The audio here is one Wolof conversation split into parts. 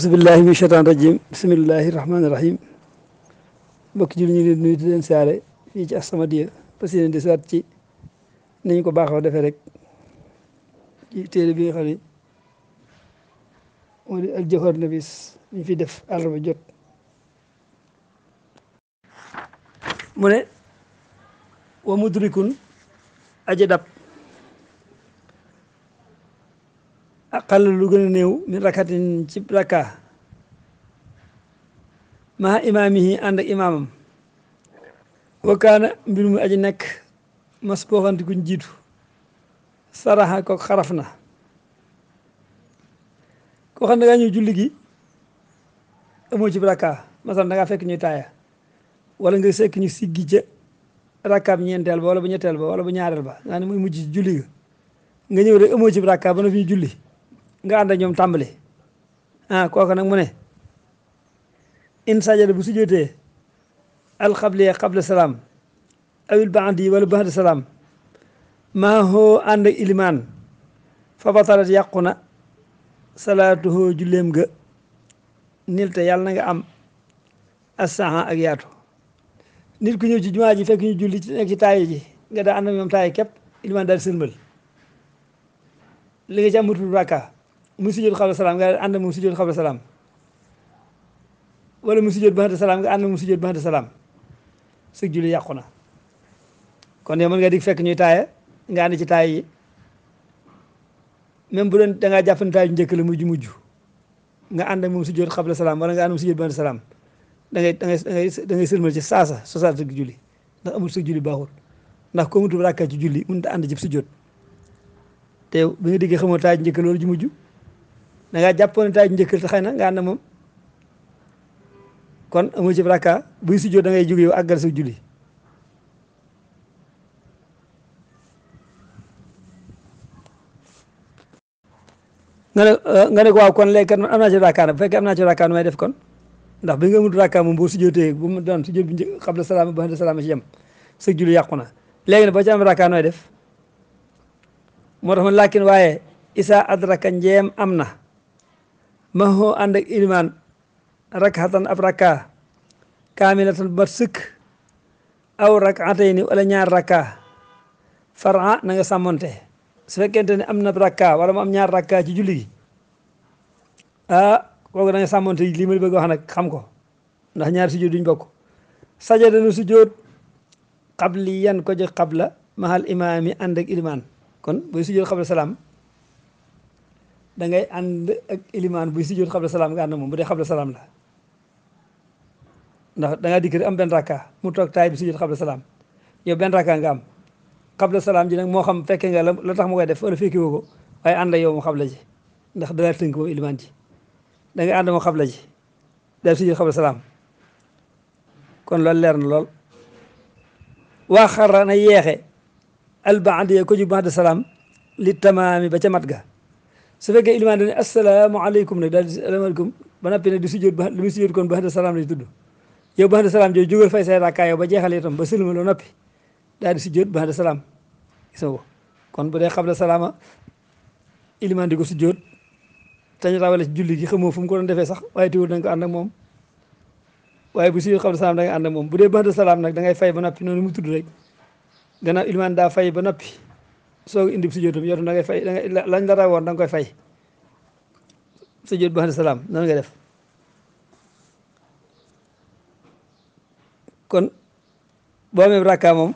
aus billahi min shaytaan rajim bismillahi rahmaani rahim mbokk ji ñu leen nuyu di leen saare fii ci As-Samadiyya parce que saat ci nañ ko baax defee rek ci téere bi nga xam ne moo di al jawhar def àllarba jot mu ne wa mudrikun aja dab aqal lu néew min rakatin ci rakka maa imaamihi ànd ak imaamam wakkaana mbir mu aji nekk mas booxante kuñ jiitu saraxa ko xaraf na koo xam ne dangaa ñëw julli gi amoo ci rakka masal dangaa fekk ñuy taaya wala nga sekk ñu siggi ca rakkaab ñeenteel ba wala bu ñetteel ba wala bu ñaareel ba nga ne muy mujj julli ga nga ñëw rek amoo ci rakka ba na ñu julli nga ànd ñoom tàmbali ah kooku nag mu ne in sajada bu sujjootee alxabliya xable salaam awil baadi wala baadi salaam maa hoo ànd ak ilimaan fa batalat yàqu na salaatuhoo julleem ga nil te yàlla na nga am assahan ak yaatu nit ku ñëw ci jumaa ji fekk ñu julli ci nekk taayi ji nga daa ànd ñoom taayi képp ilimaan daal sëlmal li nga ci amatul bàkkaar mu sujjóot xabla salaam nga ànd moom sujjóot xabla salaam wala mu sujjóot baxante salaam nga ànd moom yàqu na kon yow mën nga dig fekk ñuy taaye nga ànd ci taay yi même bu doon da ngaa jàpp ne taay yu njëkk la mujj mujj nga ànd ak moom sujjóot xabla salaam wala nga ànd moom sujjóot baxante salaam da ngay da ngay da ngay sërmal ci saasa sosaat sëg julli ndax amul sëg julli ndax ko mutu ci julli mënut a ànd ci sujjóot te bi nga diggee xamoo taay njëkk loolu ji mujj da ngaa jàppoon ne taaju na nga ànd moom kon amoo ci rakka buy sujjoo da ngay jóge yow àggal sa julli nga ne euh, nga ne ko waaw kon léegi kat man am naa ci rakka nag bu fekkee am naa ci rakka nu may def kon ndax bi nga amul rakka moom boo sujjootee bu mu doon sujjoot bi njëkk xam la salaama ba xam la salaama ci yem sa julli yàqu na léegi nag ba ci am rakka nooy def moo tax man laakin waaye isa adraka njeem am na maxoo ànd ak ilimaan rakxatan ab rakka kaamilatan bu mat sëkk aw rakatayni wala ñaar rakka fara na nga sàmmonte su fekkente ne am na rakka wala mu am ñaar rakka ci julli gi ah kooku da nga sàmmonte lii ma bëgg wax nag xam ko ndax ñaari sujjóot duñ bokk sajada nu sujjóot ko jëg xabla mahal imaam yi ak ilimaan kon buy sujjóot xabla salaam da ngay ànd ak ilimaan si jot xabla salaam nga ànd moom bu dee xabla salaam la ndax da ngaa am benn rakka mu toog taay bi si jot xabla salaam yow benn rakka nga am xabla salaam ji nag moo xam fekkee nga la tax mu koy def wala ko waaye ànd yow mu xabla ji ndax da laa tënk moom ilimaan ji dangay ngay ànd moom xabla ji daal si jot xabla salaam kon loolu leer na lool waa xara na yeexe albaand yee ko ju baada salaam li tamaami ba ca mat ga su fekkee ilimaan dane asalaamaaleykum nag daal di asalaamaaleykum ba noppi nag di sujjóot ba li muy sujjóot kon baxda salaam lay tudd yow baxda salaam jooju jógal fay say rakkaa yow ba jeexal itam ba sëlma loo noppi daal di sujjóot baxda salaam gis kon bu dee xabla salaama ilimaan di ko sujjóot tañ rawale ci julli gi xamoo fu mu ko doon defee sax waaye tiwul nañ ko ànd ak moom waaye bu sujjóot xabla salaam da nga ànd moom bu dee baxda salaam nag da ngay fay ba noppi noonu mu tudd rek gannaaw ilimaan daa fay ba noppi soo indi bi sujjóotum yow da ngay fay lañ la rawoon da nga koy fay sujjóot bu xam salaam noonu nga def kon boo amee moom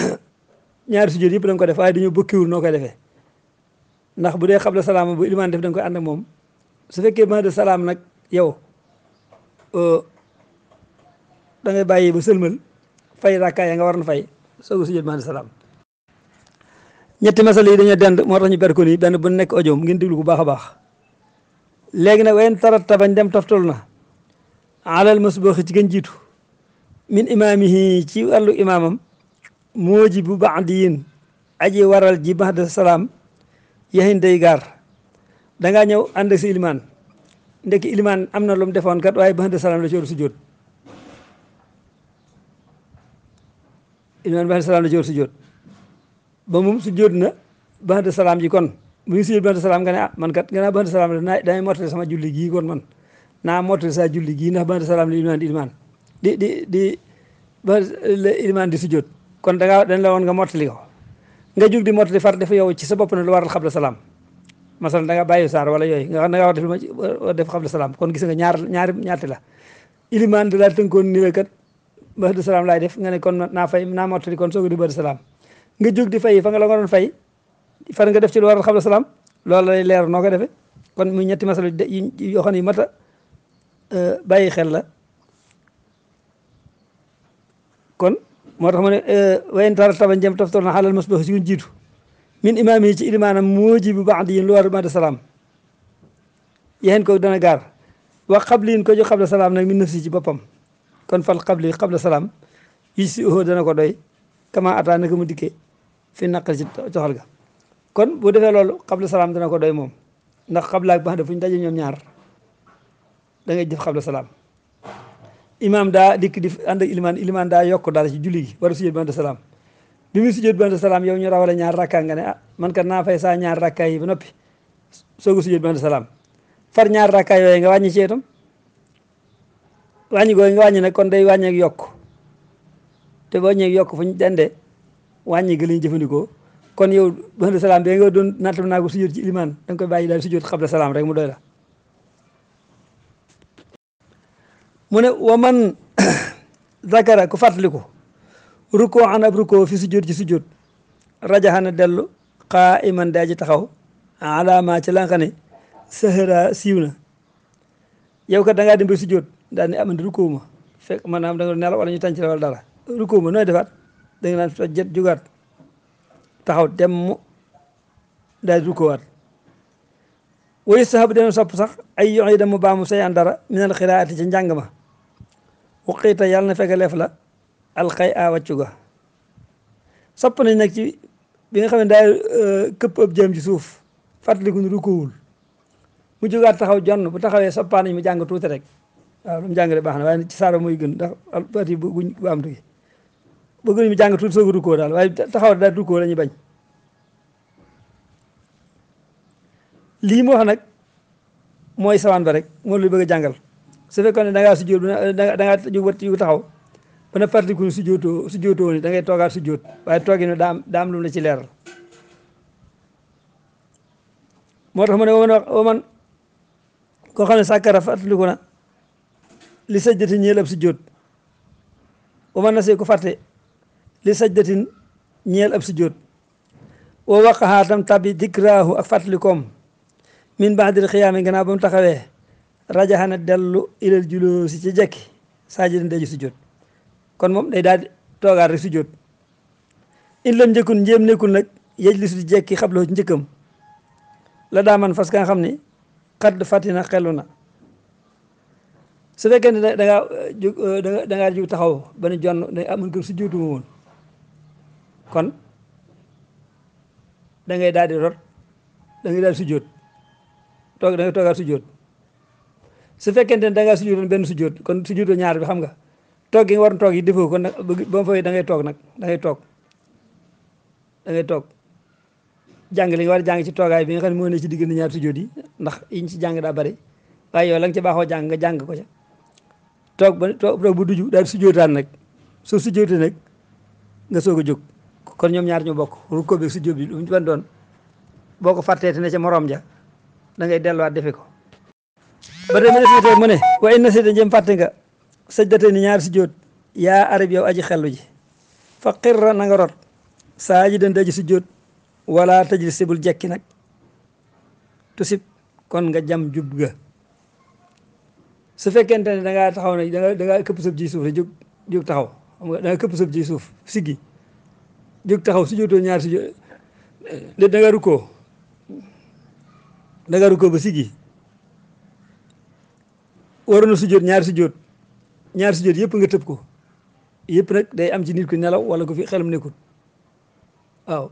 ñaari sujjóot yëpp da nga ko def waaye dañoo bokkiwul noo koy defee ndax bu dee xabla salaam bu ilimaan def da nga koy ànd moom su fekkee ba de salaam nag yow euh, dangay bàyyi ba sëlmal fay rakka ya nga war na fay soogu sujjóot bu xam salaam ñetti masala yi dañoo dend moo tax ñu ber ko nii benn bu nekk audio ngeen déglu bu baax a baax léegi nag wayen tarata bañ dem toftal na alal masbuxi ci gën jiitu min imaamihi ci wàllu imaamam mooji bu baadiyin aji waral ji baxda salaam yaxin day gaar dangaa ñëw ànd ak si ilimaan ndekki ilimaan am na lu mu defoon kat waaye ba salaam la ci war a sujjóot ilimaan baxda salaam la ci war ba moom su jóot na ba'da salaam ji kon bu ñu salaam nga ne ah man kat nga naa ba'da salaam da naa damay mottali sama julli gii kon man naa mottali saa julli gii ndax ba'da salaam li imaan di imaan di di di ba la imaan kon da ngaa la woon nga mottali ko nga jug di mottali far def yow ci sa bopp na lu waral xabla salaam masalan da nga bàyyi saar wala yooyu nga xam da ngaa war def lu ma war def xabla salaam kon gis nga ñaar ñaari ñaati la ilimaan da laa tënkoon ni la kat ba'da salaam laay def nga ne kon naa fay naa mottali kon soog a salaam nga jóg di fay fa nga la nga doon nga def ci lu waral xabla salaam loolu lay leer noo ko defee kon muy ñetti masal yi yoo xam ne euh, bàyyi xel la kon moo tax mu ne euh, wayen taara taban jëm taftor na xaalal masbax si ñu jiitu min imaam yi ci ilimaanam moo ji bu baax di yéen lu war ba'da salaam ko dana gaar wax xabli yin ko jox xabla salaam nag min nafsi ci boppam kon fal xabli xabla salaam yi si dana ko doy kama ataa naka mu dikkee fi naqal ci toxal ga kon bu defee loolu xabla salaam dana ko doy moom ndax xabla ak baxda fu ñu daje ñoom ñaar da ngay jëf salaam imaam daa dikk di ànd ak ilimaan daa yokk daal ci julli gi war a sujjóot ba'da salaam bi muy sujjóot ba'da salaam yow ñu rawale ñaar rakkaa nga ne ah man kat naa fay saa ñaar rakkaa yi ba noppi sooga sujjóot ba'da salaam far ñaar rakkaa yooyu nga wàññi ci itam wàññi googu nga wàññi nag kon day wàññeek yokk te boo ñëwee yokk fu ñu wàññi gi la ñu jëfandikoo kon yow ba'da salaam bi nga doon nattam naa ko ci ilimaan da nga koy bàyyi daal sujjóot xabla salaam rek mu doy la mu ne wa man zakara ku fàttaliku rukkoo an ab rukkoo fi sujjóot ci sujjóot rajaxana dellu xaa iman daa ji taxaw alama ci la nga xam ne sahara siiw na yow kat da ngaa dem ba sujjóot daal ne amandi ah, rukkoo ma fekk maanaam da nga nelaw wala ñu tànc la wala dara rukkoo ma nooy defaat da nga naan sajjat jugaat taxaw temm daay rukkoowaat wayu sahabu dana sopp sax ay yox yi mu baamu say an dara minal xiraati ci njàng ma waqiita yàlla na fekk leef la alxay a wàccu ga sopp nañ nag ci bi nga xam ne daay euh, këpp ëpp jëm ci suuf fàttaliku nu rukkoowul mu jógaat taxaw jonn bu taxawee soppaa nañ mu jàng tuuti rek waaw lu mu jàng de baax na waaye ci saara mooy gën ndax yi bu am tuuti bëgg nañu jàng tuuti soog a rukkoo daal waaye taxaw daal rukkoo la bañ lii mu wax nag mooy sawaan ba rek moom la bëgg a jàngal su fekkoon ne da ngaa sujjóot da ngaa ju wat yu taxaw ba na particulier sujjóotoo sujjóotoo ni da ngay toogaat sujjóot waaye toogin daa am daa am lu mu la ci leeral moo tax ma ne waman wax waman koo xam ne sàkkara fàttaliku na li sajjati ñeel ab sujjóot waman na see ko fàtte li sajdatin ñeel ab sujjóot wa waqahaa tam tabi dikraahu ak fàttalikoom min baadil xiyaami gannaaw ba mu taxawee rajaxana dellu ilal julóosi ci jekki saajidin daju sujjóot kon moom day daal toogaat rek sujjóot in lam njëkkun njéem nag yejlisu di jekki xabloo ci njëkkam la daaman fas ka xam ni xadd fàttina xelu na su fekkee ne da ngaa jug da ngaa eh, jug eh, taxaw ba ne jonn ne amun ah, ko sujjóotuma woon kon dangay ngay daal di rot da ngay daal di sujjóot toog da ngay toogaat sujjóot su fekkente ne da ngaa sujjóotoon benn sujjóot kon sujjóotu ñaar bi xam nga toog gi nga waroon toog yi defoo kon nag da ngay toog nag da toog da toog jàng li nga war a jàng ci toogaay bi nga xam ne moo ne ci diggante ñaar sujjóot yi ndax yiñ ci jàng daa bari waaye nga ci baaxoo jàng jàng ko toog ba toog bu duju daal di sujjóotaan nag soo sujjóotee nag nga soog a jóg kon ñoom ñaar ñu bokk rukkoo bi su jóob bi lu mu ban doon boo ko fàtteete ne ca moroom ja da ngay delluwaat defe ko ba tey mu ne wa inna si da jëm fàtte nga sajdatee ni ñaar sujjóot yaa arab yow aji xellu ji fa xirra na nga rot saa ji dante aji wala tajlis si bul jekki nag tusib kon nga jam jub ga su fekkente ne da ngaa taxaw ne da nga da ngaa këpp sëb ji suuf rek jóg jóg xam nga da nga suuf siggi jóg taxaw su jóotoo ñaar su jóot da nga rukkoo da nga rukkoo ba sigi waroon na ñaar su jóot ñaar su jóot yëpp nga tëb ko yëpp nag day am ci nit ku nelaw wala ko fi xelam nekkul waaw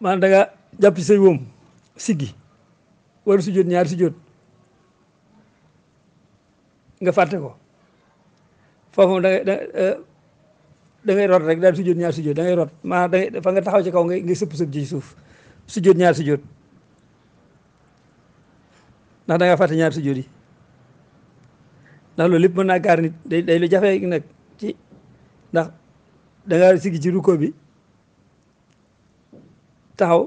maanaam da nga jàpp ci say wóom siggi waroon su ñaar su nga fàtte ko foofu da da ngay rek daal di sujjóot ñaar sujjóot da ngay rot maanaam da ngay nga taxaw ci kaw nga sëpp sëpp ci suuf sujjóot ñaar sujjóot ndax da ngaa fàtte ñaar sujjóot yi ndax loolu lépp mën naa gaar nit day day lu jafe nag ci ndax da ngaa bi taxaw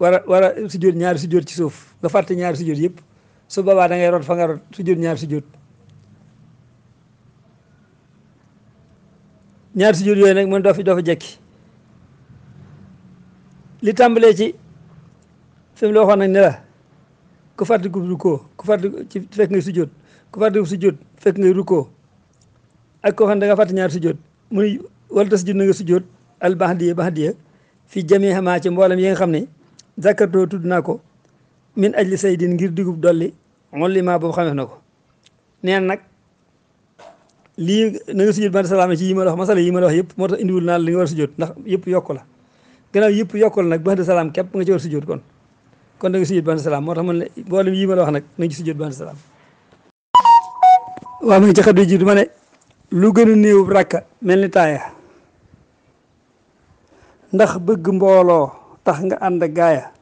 war a war a sujjóot ñaari sujjóot ci suuf nga fàtte ñaari sujjóot yëpp su boobaa da ngay rot fa nga rot sujjóot ñaari sujjóot ñaari sujjóot yooyu nag mën doo fi doo fa jekki li tàmbalee ci fi mu la waxoon nag ne ku fàttaliku rukkoo ku fàttaliku ci fekk ngay sujjóot ku fàttaliku sujjóot fekk ngay rukkoo ak koo xam ne da nga fàtte ñaari sujjóot mu ne wala ta sujjóot na nga sujjóot al baxdiya baxdiya fi jamee xamaa ci mboolam yi nga xam ne zakartoo tudd naa ko min ajli saydin ngir dugub dolli moom li maa boobu xamee na ko neen nag lii na nga sujjóot yi ma la masala yi ma wax yëpp moo tax indiwul naa li nga war a sujjóot ndax yëpp yokku la gannaaw yëpp yokku la nag ba'da képp nga ci war a sujjóot kon kon da nga moo tax man mboolem yi ma la wax nag na nga ci sujjóot ba'da salaam waaw ji duma lu gën a néew rakka mel ni taaya ndax bëgg mbooloo tax nga ànd gaaya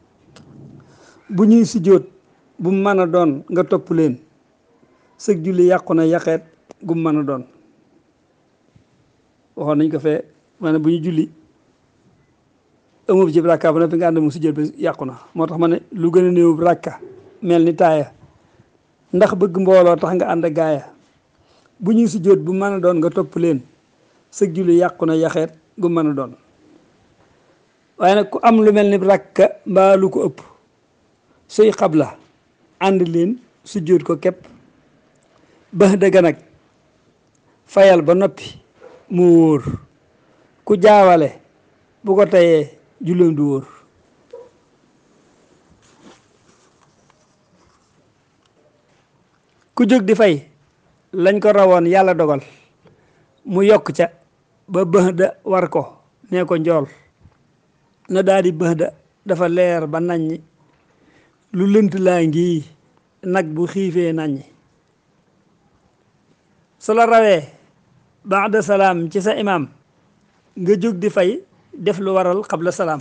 bu ñuy sujjóot bu mën doon nga topp leen sëg julli yàqu na yàqeet gum mën a doon waxoon nañ ko fee maanaam bu ñu julli amub ci rakka ne noppi nga ànd mu sujjat bi yàqu na moo tax ma ne lu gën a néewub rakka mel ni taaya ndax bëgg mbooloo tax nga ànd gaaya bu ñuy sujjat bu mën a doon nga topp leen sëg julli yàqu na yaxeet gum mën a doon waaye nag ku am lu mel ni rakka mbaa lu ko ëpp suy la ànd leen sujjat ko képp ba dëgg nag fayal ba noppi mu wóor ku jaawale bu ko tayee julleem du wóor ku jóg di fay lañ ko rawoon yàlla dogal mu yokk ca ba bëxda war ko nee ko njool na daal di bëxda dafa leer ba naññi lu lënt laa ngi nag bu xiifee naññi su la rawee baada salaam ci sa imaam nga jóg di fay def lu waral xabla salaam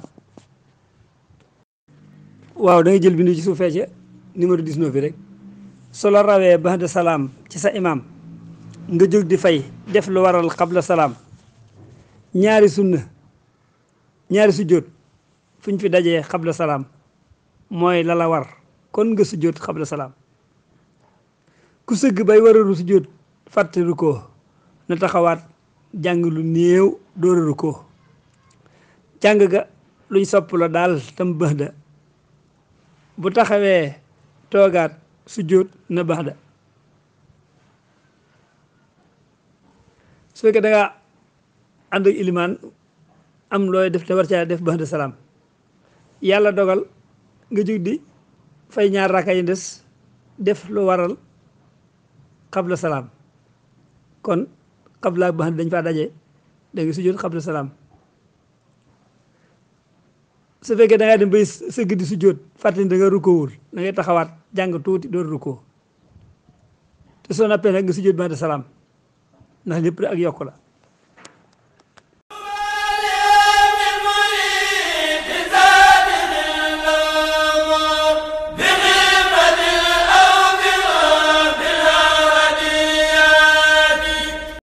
waaw da jël bindu ci suufee ca numéro 19 bi rek su la rawee baada salaam ci sa imaam nga jóg di fay def lu waral xabla salaam ñaari sunna ñaari sujjóot fuñ fi dajee xabla salaam mooy la la war kon nga sujjóot xabla salaam ku sëgg bay waralu sujjóot fàttaliku ko na taxawaat jàng lu néew dóoraru ko jàng ga luñ sopp la daal tam bëx da bu taxawee toogaat sujjóot na baax da su fekkee dangaa ànd ak ilimaan am looy def te war caa def baax salaam yàlla dogal nga jug di fay ñaar raaka yi des def lu waral xabla salaam kon xabla ak baxandi dañ faa daje léegi sujjóot xabla salaam su fekkee da ngaa dem bay sëgg di sujjóot fàttali da nga rukkoowul da ngay taxawaat jàng tuuti door rukkoo te soo nappee nag nga sujjóot baxandi salaam ndax lépp ak yokk la